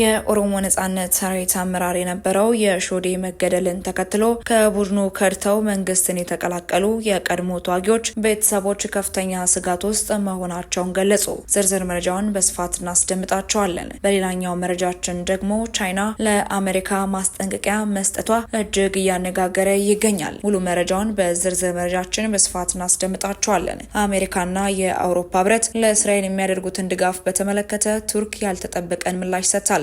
የኦሮሞ ነጻነት ሰራዊት አመራር የነበረው የሾዴ መገደልን ተከትሎ ከቡድኑ ከድተው መንግስትን የተቀላቀሉ የቀድሞ ተዋጊዎች ቤተሰቦች ከፍተኛ ስጋት ውስጥ መሆናቸውን ገለጹ። ዝርዝር መረጃውን በስፋት እናስደምጣቸዋለን። በሌላኛው መረጃችን ደግሞ ቻይና ለአሜሪካ ማስጠንቀቂያ መስጠቷ እጅግ እያነጋገረ ይገኛል። ሙሉ መረጃውን በዝርዝር መረጃችን በስፋት እናስደምጣቸዋለን። አሜሪካና የአውሮፓ ህብረት ለእስራኤል የሚያደርጉትን ድጋፍ በተመለከተ ቱርክ ያልተጠበቀን ምላሽ ሰጥታለች።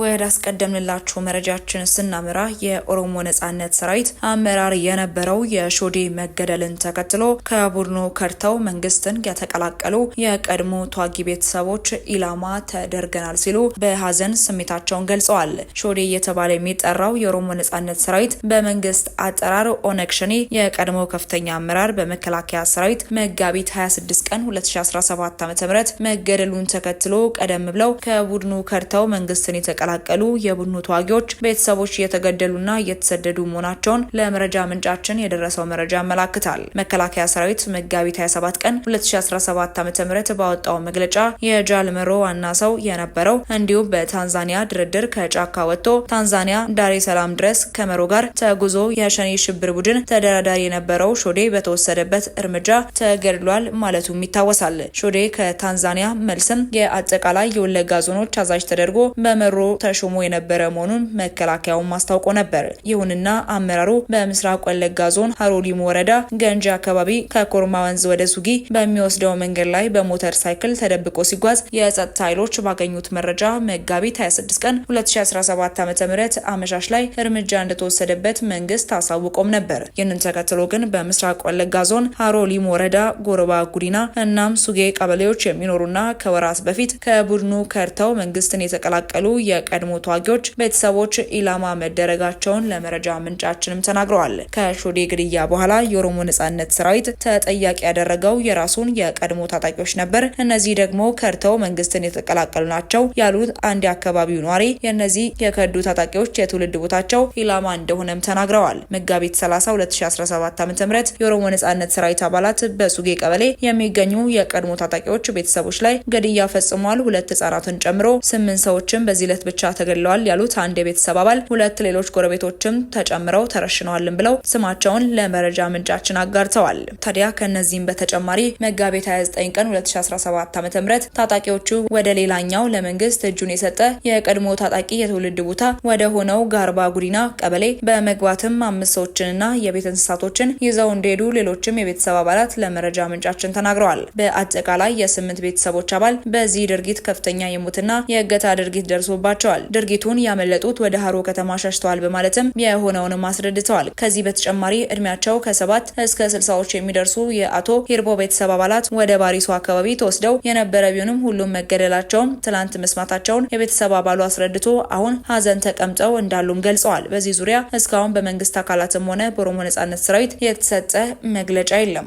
ወደ አስቀደምንላችሁ መረጃችን ስናመራ የኦሮሞ ነጻነት ሰራዊት አመራር የነበረው የሾዴ መገደልን ተከትሎ ከቡድኑ ከርተው መንግስትን የተቀላቀሉ የቀድሞ ተዋጊ ቤተሰቦች ኢላማ ተደርገናል ሲሉ በሀዘን ስሜታቸውን ገልጸዋል። ሾዴ እየተባለ የሚጠራው የኦሮሞ ነጻነት ሰራዊት በመንግስት አጠራር ኦነግ ሸኔ የቀድሞ ከፍተኛ አመራር በመከላከያ ሰራዊት መጋቢት 26 ቀን 2017 .ም መገደሉን ተከትሎ ቀደም ብለው ከቡድኑ ከድተው መንግስትን የተቀላ የተቀላቀሉ የቡድኑ ተዋጊዎች ቤተሰቦች እየተገደሉና እየተሰደዱ መሆናቸውን ለመረጃ ምንጫችን የደረሰው መረጃ ያመላክታል። መከላከያ ሰራዊት መጋቢት 27 ቀን 2017 ዓ ም ባወጣው መግለጫ የጃልመሮ ዋና ሰው የነበረው እንዲሁም በታንዛኒያ ድርድር ከጫካ ወጥቶ ታንዛኒያ ዳሬ ሰላም ድረስ ከመሮ ጋር ተጉዞ የሸኔ ሽብር ቡድን ተደራዳሪ የነበረው ሾዴ በተወሰደበት እርምጃ ተገድሏል ማለቱም ይታወሳል። ሾዴ ከታንዛኒያ መልስም የአጠቃላይ የወለጋ ዞኖች አዛዥ ተደርጎ በመሮ ተሾሞ የነበረ መሆኑን መከላከያውን ማስታውቆ ነበር። ይሁንና አመራሩ በምስራቅ ወለጋ ዞን ሀሮሊም ወረዳ ገንጂ አካባቢ ከኮርማ ወንዝ ወደ ሱጊ በሚወስደው መንገድ ላይ በሞተር ሳይክል ተደብቆ ሲጓዝ የጸጥታ ኃይሎች ባገኙት መረጃ መጋቢት 26 ቀን 2017 ዓ.ም አመሻሽ ላይ እርምጃ እንደተወሰደበት መንግስት አሳውቆም ነበር። ይህንን ተከትሎ ግን በምስራቅ ወለጋ ዞን ሀሮሊም ወረዳ ጎረባ ጉዲና እናም ሱጌ ቀበሌዎች የሚኖሩና ከወራት በፊት ከቡድኑ ከርተው መንግስትን የተቀላቀሉ የ የቀድሞ ተዋጊዎች ቤተሰቦች ኢላማ መደረጋቸውን ለመረጃ ምንጫችንም ተናግረዋል። ከሾዴ ግድያ በኋላ የኦሮሞ ነጻነት ሰራዊት ተጠያቂ ያደረገው የራሱን የቀድሞ ታጣቂዎች ነበር። እነዚህ ደግሞ ከድተው መንግስትን የተቀላቀሉ ናቸው ያሉት አንድ የአካባቢው ነዋሪ የእነዚህ የከዱ ታጣቂዎች የትውልድ ቦታቸው ኢላማ እንደሆነም ተናግረዋል። መጋቢት 30 2017 ዓ.ም የኦሮሞ ነጻነት ሰራዊት አባላት በሱጌ ቀበሌ የሚገኙ የቀድሞ ታጣቂዎች ቤተሰቦች ላይ ግድያ ፈጽሟል። ሁለት ህጻናትን ጨምሮ ስምንት ሰዎችን በዚህ ዕለት ብቻ ተገድለዋል ያሉት አንድ የቤተሰብ አባል ሁለት ሌሎች ጎረቤቶችም ተጨምረው ተረሽነዋልን ብለው ስማቸውን ለመረጃ ምንጫችን አጋርተዋል። ታዲያ ከእነዚህም በተጨማሪ መጋቢት 29 ቀን 2017 ዓ.ም ታጣቂዎቹ ወደ ሌላኛው ለመንግስት እጁን የሰጠ የቀድሞ ታጣቂ የትውልድ ቦታ ወደ ሆነው ጋርባ ጉዲና ቀበሌ በመግባትም አምስት ሰዎችንና የቤት እንስሳቶችን ይዘው እንደሄዱ ሌሎችም የቤተሰብ አባላት ለመረጃ ምንጫችን ተናግረዋል። በአጠቃላይ የስምንት ቤተሰቦች አባል በዚህ ድርጊት ከፍተኛ የሞትና የእገታ ድርጊት ደርሶባቸው ተነግሯቸዋል። ድርጊቱን ያመለጡት ወደ ሀሮ ከተማ ሸሽተዋል በማለትም የሆነውንም አስረድተዋል። ከዚህ በተጨማሪ እድሜያቸው ከሰባት እስከ ስልሳዎች የሚደርሱ የአቶ ሂርቦ ቤተሰብ አባላት ወደ ባሪሶ አካባቢ ተወስደው የነበረ ቢሆንም ሁሉም መገደላቸውም ትላንት መስማታቸውን የቤተሰብ አባሉ አስረድቶ አሁን ሀዘን ተቀምጠው እንዳሉም ገልጸዋል። በዚህ ዙሪያ እስካሁን በመንግስት አካላትም ሆነ በኦሮሞ ነጻነት ሰራዊት የተሰጠ መግለጫ የለም።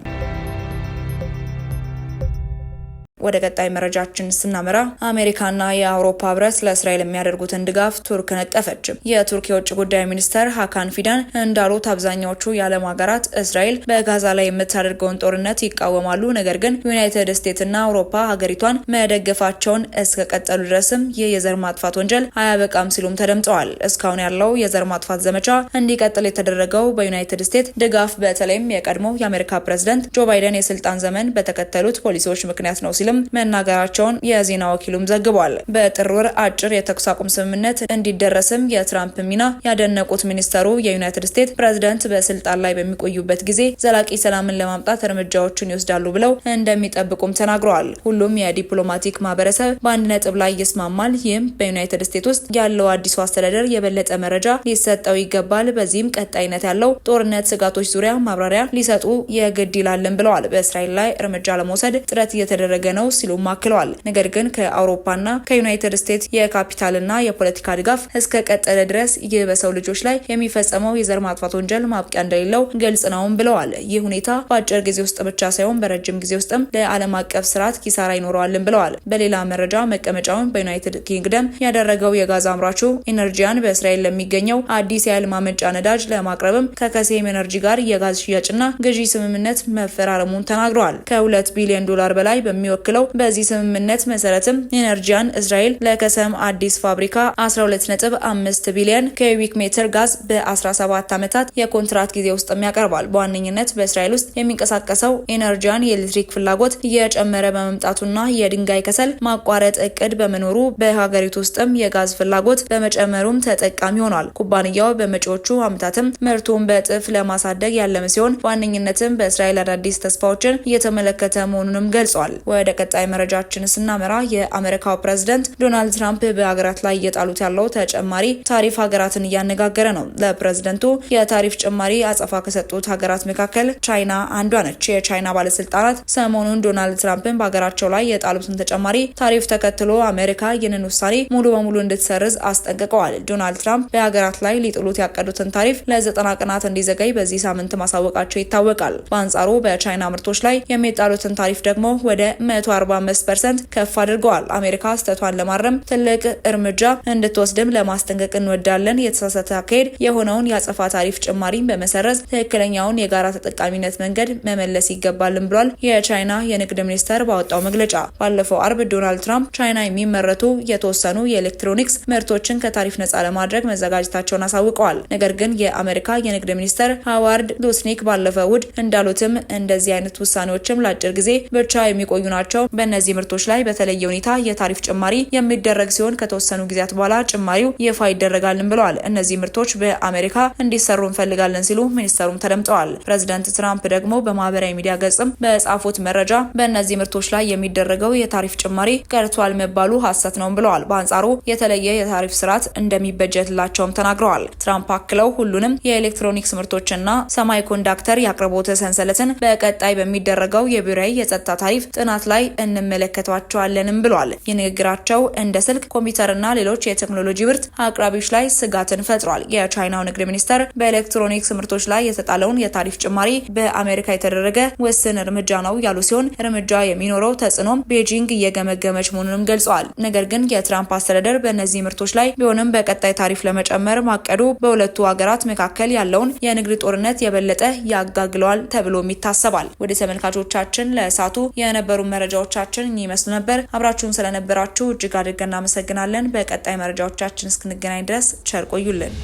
ወደ ቀጣይ መረጃችን ስናመራ አሜሪካና የአውሮፓ ህብረት ለእስራኤል የሚያደርጉትን ድጋፍ ቱርክ ነቀፈች። የቱርክ የውጭ ጉዳይ ሚኒስተር ሀካን ፊዳን እንዳሉት አብዛኛዎቹ የዓለም ሀገራት እስራኤል በጋዛ ላይ የምታደርገውን ጦርነት ይቃወማሉ፣ ነገር ግን ዩናይትድ ስቴትስና አውሮፓ ሀገሪቷን መደገፋቸውን እስከቀጠሉ ድረስም ይህ የዘር ማጥፋት ወንጀል አያበቃም ሲሉም ተደምጠዋል። እስካሁን ያለው የዘር ማጥፋት ዘመቻ እንዲቀጥል የተደረገው በዩናይትድ ስቴትስ ድጋፍ በተለይም የቀድሞው የአሜሪካ ፕሬዝደንት ጆ ባይደን የስልጣን ዘመን በተከተሉት ፖሊሲዎች ምክንያት ነው ሲልም ሲልም መናገራቸውን የዜና ወኪሉም ዘግቧል። በጥር ወር አጭር የተኩስ አቁም ስምምነት እንዲደረስም የትራምፕ ሚና ያደነቁት ሚኒስተሩ የዩናይትድ ስቴትስ ፕሬዝደንት በስልጣን ላይ በሚቆዩበት ጊዜ ዘላቂ ሰላምን ለማምጣት እርምጃዎችን ይወስዳሉ ብለው እንደሚጠብቁም ተናግረዋል። ሁሉም የዲፕሎማቲክ ማህበረሰብ በአንድ ነጥብ ላይ ይስማማል። ይህም በዩናይትድ ስቴትስ ውስጥ ያለው አዲሱ አስተዳደር የበለጠ መረጃ ሊሰጠው ይገባል። በዚህም ቀጣይነት ያለው ጦርነት ስጋቶች ዙሪያ ማብራሪያ ሊሰጡ የግድ ይላልን ብለዋል። በእስራኤል ላይ እርምጃ ለመውሰድ ጥረት እየተደረገ ነው ነው ሲሉም አክለዋል። ነገር ግን ከአውሮፓና ከዩናይትድ ስቴትስ የካፒታልና የፖለቲካ ድጋፍ እስከ ቀጠለ ድረስ ይህ በሰው ልጆች ላይ የሚፈጸመው የዘር ማጥፋት ወንጀል ማብቂያ እንደሌለው ግልጽ ነውም ብለዋል። ይህ ሁኔታ በአጭር ጊዜ ውስጥ ብቻ ሳይሆን በረጅም ጊዜ ውስጥም ለዓለም አቀፍ ስርዓት ኪሳራ ይኖረዋልን ብለዋል። በሌላ መረጃ መቀመጫውን በዩናይትድ ኪንግደም ያደረገው የጋዝ አምራቹ ኢነርጂያን በእስራኤል ለሚገኘው አዲስ የኃይል ማመንጫ ነዳጅ ለማቅረብም ከከሴም ኤነርጂ ጋር የጋዝ ሽያጭና ግዢ ስምምነት መፈራረሙን ተናግረዋል። ከሁለት ቢሊዮን ዶላር በላይ በሚወክል አክለው በዚህ ስምምነት መሰረትም ኢነርጂያን እስራኤል ለከሰም አዲስ ፋብሪካ 12.5 ቢሊዮን ኪዩቢክ ሜትር ጋዝ በ17 ዓመታት የኮንትራት ጊዜ ውስጥም ያቀርባል። በዋነኝነት በእስራኤል ውስጥ የሚንቀሳቀሰው ኢነርጂያን የኤሌክትሪክ ፍላጎት እየጨመረ በመምጣቱና የድንጋይ ከሰል ማቋረጥ እቅድ በመኖሩ በሀገሪቱ ውስጥም የጋዝ ፍላጎት በመጨመሩም ተጠቃሚ ሆኗል። ኩባንያው በመጪዎቹ ዓመታትም ምርቱን በእጥፍ ለማሳደግ ያለመ ሲሆን ዋነኝነትም በእስራኤል አዳዲስ ተስፋዎችን እየተመለከተ መሆኑንም ገልጿል። ወደ ቀጣይ መረጃችን ስናመራ የአሜሪካው ፕሬዝደንት ዶናልድ ትራምፕ በሀገራት ላይ እየጣሉት ያለው ተጨማሪ ታሪፍ ሀገራትን እያነጋገረ ነው። ለፕሬዝደንቱ የታሪፍ ጭማሪ አጸፋ ከሰጡት ሀገራት መካከል ቻይና አንዷ ነች። የቻይና ባለስልጣናት ሰሞኑን ዶናልድ ትራምፕን በሀገራቸው ላይ የጣሉትን ተጨማሪ ታሪፍ ተከትሎ አሜሪካ ይህንን ውሳኔ ሙሉ በሙሉ እንድትሰርዝ አስጠንቅቀዋል። ዶናልድ ትራምፕ በሀገራት ላይ ሊጥሉት ያቀዱትን ታሪፍ ለዘጠና ቀናት እንዲዘገይ በዚህ ሳምንት ማሳወቃቸው ይታወቃል። በአንጻሩ በቻይና ምርቶች ላይ የሚጣሉትን ታሪፍ ደግሞ ወደ መቶ 45 ፐርሰንት ከፍ አድርገዋል። አሜሪካ ስህተቷን ለማረም ትልቅ እርምጃ እንድትወስድም ለማስጠንቀቅ እንወዳለን። የተሳሳተ አካሄድ የሆነውን የአጸፋ ታሪፍ ጭማሪን በመሰረዝ ትክክለኛውን የጋራ ተጠቃሚነት መንገድ መመለስ ይገባልን ብሏል የቻይና የንግድ ሚኒስቴር ባወጣው መግለጫ። ባለፈው አርብ ዶናልድ ትራምፕ ቻይና የሚመረቱ የተወሰኑ የኤሌክትሮኒክስ ምርቶችን ከታሪፍ ነጻ ለማድረግ መዘጋጀታቸውን አሳውቀዋል። ነገር ግን የአሜሪካ የንግድ ሚኒስተር ሃዋርድ ሉስኒክ ባለፈው እሁድ እንዳሉትም እንደዚህ አይነት ውሳኔዎችም ለአጭር ጊዜ ብቻ የሚቆዩ ናቸው ናቸው። በእነዚህ ምርቶች ላይ በተለየ ሁኔታ የታሪፍ ጭማሪ የሚደረግ ሲሆን ከተወሰኑ ጊዜያት በኋላ ጭማሪው ይፋ ይደረጋልን ብለዋል። እነዚህ ምርቶች በአሜሪካ እንዲሰሩ እንፈልጋለን ሲሉ ሚኒስተሩም ተደምጠዋል። ፕሬዚዳንት ትራምፕ ደግሞ በማህበራዊ ሚዲያ ገጽም በጻፉት መረጃ በእነዚህ ምርቶች ላይ የሚደረገው የታሪፍ ጭማሪ ቀርቷል መባሉ ሀሰት ነው ብለዋል። በአንጻሩ የተለየ የታሪፍ ስርዓት እንደሚበጀትላቸውም ተናግረዋል። ትራምፕ አክለው ሁሉንም የኤሌክትሮኒክስ ምርቶችና ሰማይ ኮንዳክተር የአቅርቦት ሰንሰለትን በቀጣይ በሚደረገው የብሔራዊ የጸጥታ ታሪፍ ጥናት ላይ ላይ እንመለከቷቸዋለንም ብሏል። ይህ ንግግራቸው እንደ ስልክ፣ ኮምፒውተርና ሌሎች የቴክኖሎጂ ምርት አቅራቢዎች ላይ ስጋትን ፈጥሯል። የቻይናው ንግድ ሚኒስተር በኤሌክትሮኒክስ ምርቶች ላይ የተጣለውን የታሪፍ ጭማሪ በአሜሪካ የተደረገ ውስን እርምጃ ነው ያሉ ሲሆን እርምጃ የሚኖረው ተጽዕኖም ቤጂንግ እየገመገመች መሆኑንም ገልጸዋል። ነገር ግን የትራምፕ አስተዳደር በእነዚህ ምርቶች ላይ ቢሆንም በቀጣይ ታሪፍ ለመጨመር ማቀዱ በሁለቱ ሀገራት መካከል ያለውን የንግድ ጦርነት የበለጠ ያጋግለዋል ተብሎም ይታሰባል። ወደ ተመልካቾቻችን ለእሳቱ የነበሩ መረጃ መረጃዎቻችን እኚህ ይመስሉ ነበር። አብራችሁን ስለነበራችሁ እጅግ አድርገን እናመሰግናለን። በቀጣይ መረጃዎቻችን እስክንገናኝ ድረስ ቸር ቆዩልን።